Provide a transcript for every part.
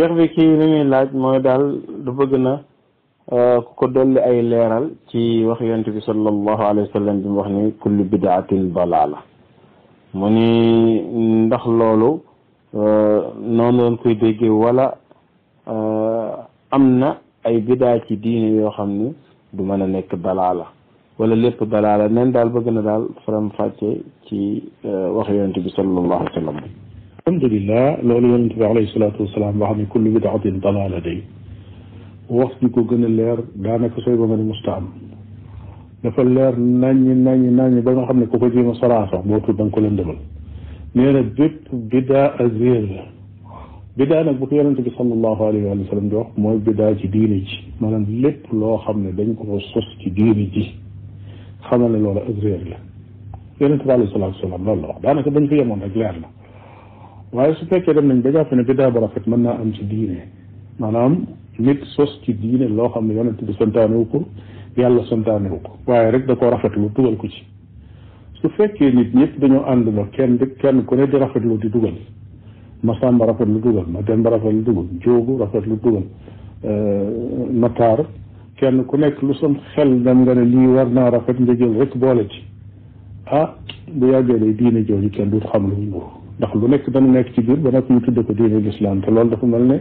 cheikh bi kii li muy laaj mooy daal du bëgg na euh, ku ko dolli ay leeral ci wax yonent bi sallallahu alayhi wa sallam bi mu wax ni kullu bidaatin dalaala mu ni ndax loolu euh, noonu lañ koy déggee wala euh, am na ay bidaa ci diine yoo xam ni du mën a nekk dalaala wala lépp dalaala neen daal bëgg na daal faram fàcce ci wax yonent bi sallallahu alayhi الحمد لله لولي النبي عليه الصلاة والسلام وحمي كل بدعة ضلالة دي وقت يكو قن الليار دانا كسيبا من المستعم دفا الليار ناني ناني ناني بل ما خمني كوفا جيما صراحة موتو بان كل اندبل نيانا بيت بدا أزير بدا أنا بكي ينتبه صلى الله عليه وآله وسلم دوح موي بدا جي ديني جي مالان لب لو خمني بان كوفا صوص جي ديني جي خمني لولا أزير ينتبه عليه الصلاة والسلام لا الله دانا كبن فيه مونا جلالنا waaye su fekkee dem nañ ba jàpp ne biddaa bu rafet mën naa am ci diine maanaam nit sos ci diine loo xam ne yonente bi santaane wu ko yàlla santaane wu ko waaye rek da koo rafetlu dugal ko ci su fekkee nit ñëpp dañoo ànd la kenn di kenn ku ne di rafetlu di dugal ma sàmba rafetlu dugal ma demba rafetlu dugal jóogu rafetlu dugal nataar kenn ku nekk lu sam xel dem nga ne lii war naa rafet nga jël rek boole ci ah bu yàggee day diine jooju kenn duut xam lu mu ndax lu nekk dana nekk ci biir ba nag ñu tudde ko diine lislaam te loolu dafa mel ne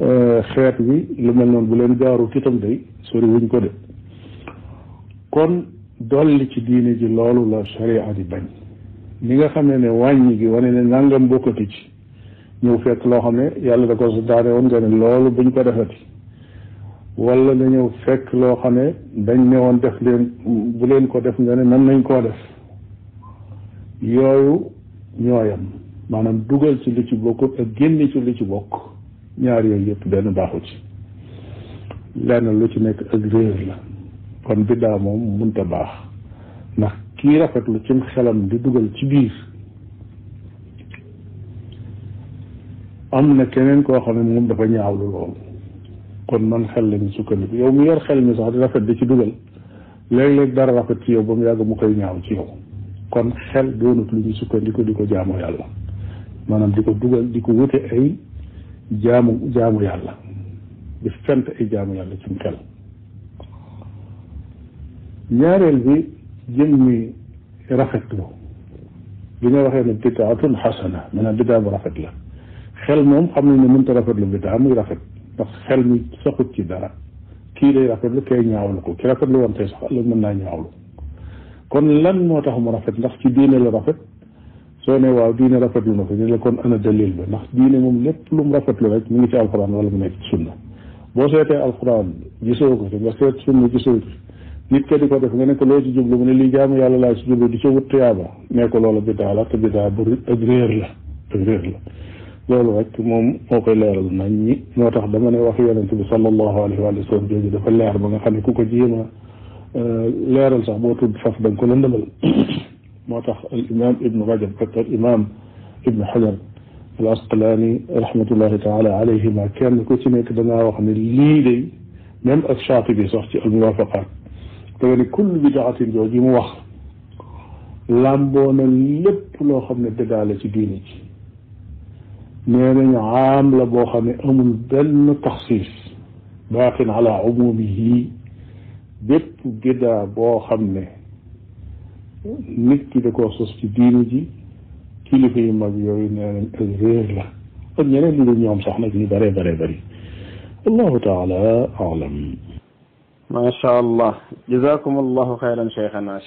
euh, xeet bi lu mel noonu bu leen jaarut itam day sori wuñ ko de kon dolli ci diine ji loolu la sharia di bañ ni nga xam ne ne wàññi gi wane ne nangam bokkati ci ñëw fekk loo xam ne yàlla da ko santaane woon nga ne loolu buñ ko defati wala na ñëw fekk loo xam ne dañ ne woon def leen bu leen ko def nga ne nan nañ koo def yooyu ñooyam manam duggal ci li ci bokk ak génne ci li ci bokk ñaar yooyu yëpp benn baaxu ci lenn lu ci nekk ak réer la kon biddaa moom munta baax ndax kii rafetlu ci xelam di duggal ci biir am na keneen koo xam ne moom dafa ñaawlu loolu kon man xel la ñu sukkandiku yow mu yor xel mi sax di rafet di ci dugal léeg-léeg dara rafet ci yow ba mu yàgg mu koy ñaaw ci yow kon xel doonut lu ñu sukkandiku di ko jaamoo yàlla manam diko duggal diko wote ay jaamu jaamu yàlla di fent ay jaamu yàlla ci xel ñaarel bi jëmmi rafetlu bi ñu waxe ne bid'atun hasana manam bid'a bu rafet la xel moom xam mën ta rafet lu bid'a muy rafet ndax xel mi saxut ci dara ki lay rafet lu kay ñaawlu ko ki lu won tay sax lu mën na ñaawlu kon lan moo tax mu rafet ndax ci diine la rafet soo ne waaw diine rafetlu na ko ñu la kon ana dalil ba ndax diine moom lépp lu mu rafetlu rek mu ngi ci alquran wala mu nekk ci sunna boo seetee alquran gisoo ko ci nga seet sunna gisoo ko nit ka di ko def nga ne ko loo ci jublu mu ne lii jaamu yàlla laa ci jublu di ca wut tuyaaba ne ko loola bidaa la te bidaa bu ak réer la ak réer la loolu rek moom moo koy leeral nañ ñi moo tax dama ne wax yonente bi sallallahu alayhi wa sallam jooju dafa leer ba nga xam ne ku ko jéema leeral sax boo tudd faf da nga ko lëndëmal موضح الإمام ابن رجب حتى الإمام ابن حجر العسقلاني رحمة الله تعالى عليه ما كان كنت يتبناه عن الليلي من الشاطبي صحتي الموافقة طبعا كل بدعة جوجي موخ لامبونا لب لو خمنا بدالة ديني nee عام aam la أم بن تخصيص باق على عمومه baaxin ala umumihi bépp nit ki da koo sos ci diini ji kilifa yu mag yooyu nee nañ ak réer la ak ñeneen ñu dul ñoom sax nag ñu bëree bëree bëri allah jazakum allahu xayran